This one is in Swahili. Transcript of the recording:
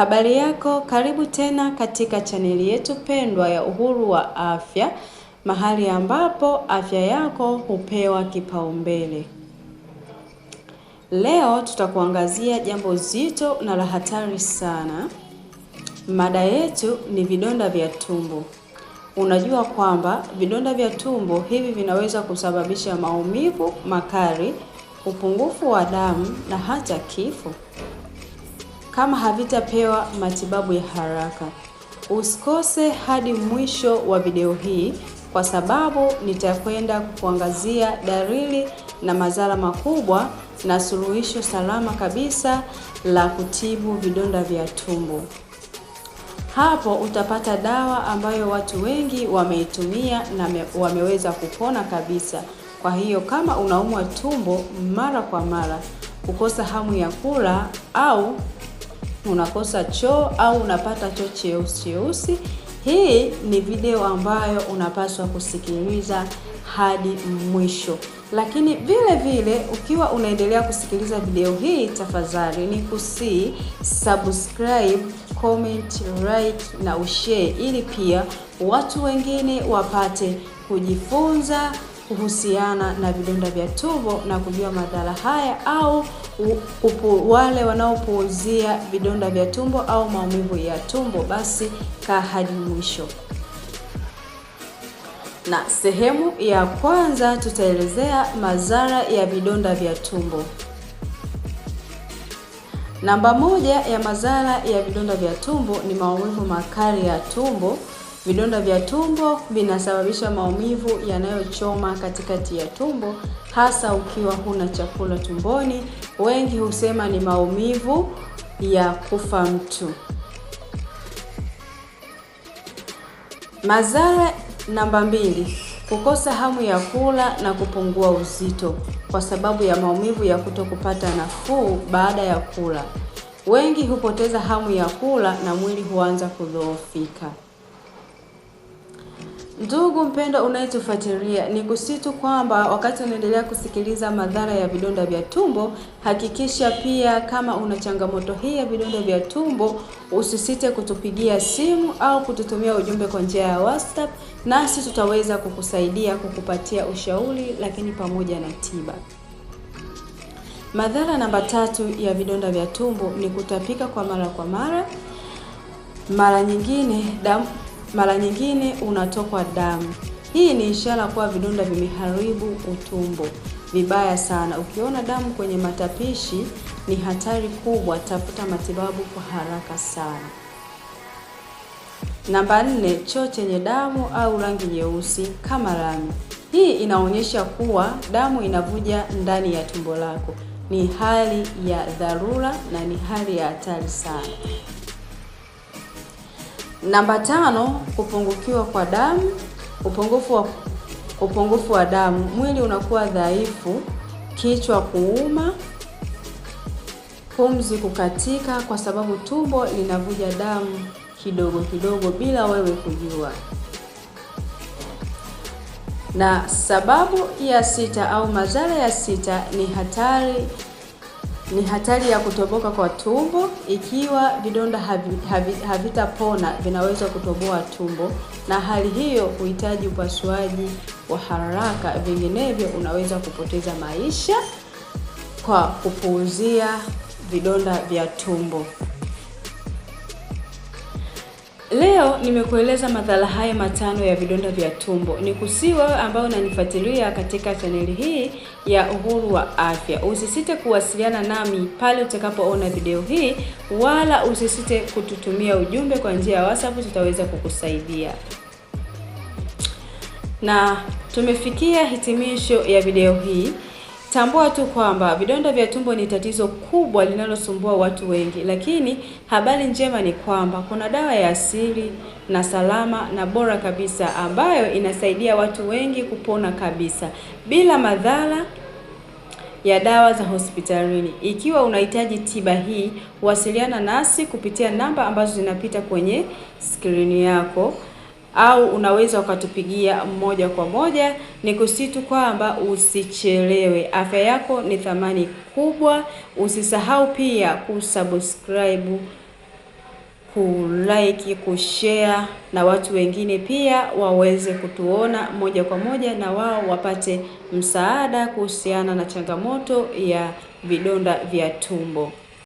Habari yako, karibu tena katika chaneli yetu pendwa ya Uhuru wa Afya, mahali ambapo afya yako hupewa kipaumbele. Leo tutakuangazia jambo zito na la hatari sana. Mada yetu ni vidonda vya tumbo. Unajua kwamba vidonda vya tumbo hivi vinaweza kusababisha maumivu makali, upungufu wa damu na hata kifo kama havitapewa matibabu ya haraka. Usikose hadi mwisho wa video hii kwa sababu nitakwenda kuangazia dalili na madhara makubwa na suluhisho salama kabisa la kutibu vidonda vya tumbo. Hapo utapata dawa ambayo watu wengi wameitumia na me, wameweza kupona kabisa. Kwa hiyo kama unaumwa tumbo mara kwa mara, kukosa hamu ya kula au unakosa choo au unapata choo cheusi cheusi. Hii ni video ambayo unapaswa kusikiliza hadi mwisho. Lakini vile vile ukiwa unaendelea kusikiliza video hii, tafadhali ni kusi subscribe, comment, like na ushare, ili pia watu wengine wapate kujifunza kuhusiana na vidonda vya tumbo na kujua madhara haya au upu, wale wanaopuuzia vidonda vya tumbo au maumivu ya tumbo, basi kaa hadi mwisho. Na sehemu ya kwanza tutaelezea madhara ya vidonda vya tumbo. Namba moja ya madhara ya vidonda vya tumbo ni maumivu makali ya tumbo Vidonda vya tumbo vinasababisha maumivu yanayochoma katikati ya tumbo, hasa ukiwa huna chakula tumboni. Wengi husema ni maumivu ya kufa mtu. Madhara namba mbili: kukosa hamu ya kula na kupungua uzito kwa sababu ya maumivu ya kuto kupata nafuu baada ya kula. Wengi hupoteza hamu ya kula na mwili huanza kudhoofika. Ndugu mpendwa unayetufuatilia, ni kusitu kwamba wakati unaendelea kusikiliza madhara ya vidonda vya tumbo, hakikisha pia kama una changamoto hii ya vidonda vya tumbo, usisite kutupigia simu au kututumia ujumbe kwa njia ya WhatsApp, nasi tutaweza kukusaidia kukupatia ushauri, lakini pamoja na tiba. Madhara namba tatu ya vidonda vya tumbo ni kutapika kwa mara kwa mara. Mara nyingine damu mara nyingine unatokwa damu. Hii ni ishara kuwa vidonda vimeharibu utumbo vibaya sana. Ukiona damu kwenye matapishi ni hatari kubwa, tafuta matibabu kwa haraka sana. Namba nne, choo chenye damu au rangi nyeusi kama lami. Hii inaonyesha kuwa damu inavuja ndani ya tumbo lako. Ni hali ya dharura na ni hali ya hatari sana. Namba tano, kupungukiwa kwa damu. Upungufu wa upungufu wa damu, mwili unakuwa dhaifu, kichwa kuuma, pumzi kukatika, kwa sababu tumbo linavuja damu kidogo kidogo bila wewe kujua. Na sababu ya sita au madhara ya sita ni hatari ni hatari ya kutoboka kwa tumbo. Ikiwa vidonda havitapona havi, havi vinaweza kutoboa tumbo, na hali hiyo huhitaji upasuaji wa haraka, vinginevyo unaweza kupoteza maisha kwa kupuuzia vidonda vya tumbo. Leo nimekueleza madhara haya matano ya vidonda vya tumbo. Ni kusiwa wewe ambayo unanifuatilia katika chaneli hii ya Uhuru wa Afya, usisite kuwasiliana nami pale utakapoona video hii, wala usisite kututumia ujumbe kwa njia ya WhatsApp, tutaweza kukusaidia. Na tumefikia hitimisho ya video hii. Tambua tu kwamba vidonda vya tumbo ni tatizo kubwa linalosumbua watu wengi, lakini habari njema ni kwamba kuna dawa ya asili na salama na bora kabisa ambayo inasaidia watu wengi kupona kabisa bila madhara ya dawa za hospitalini. Ikiwa unahitaji tiba hii, wasiliana nasi kupitia namba ambazo zinapita kwenye skrini yako au unaweza ukatupigia moja kwa moja. Ni kusitu kwamba usichelewe, afya yako ni thamani kubwa. Usisahau pia kusubscribe, kulike, kushare na watu wengine pia waweze kutuona moja kwa moja, na wao wapate msaada kuhusiana na changamoto ya vidonda vya tumbo.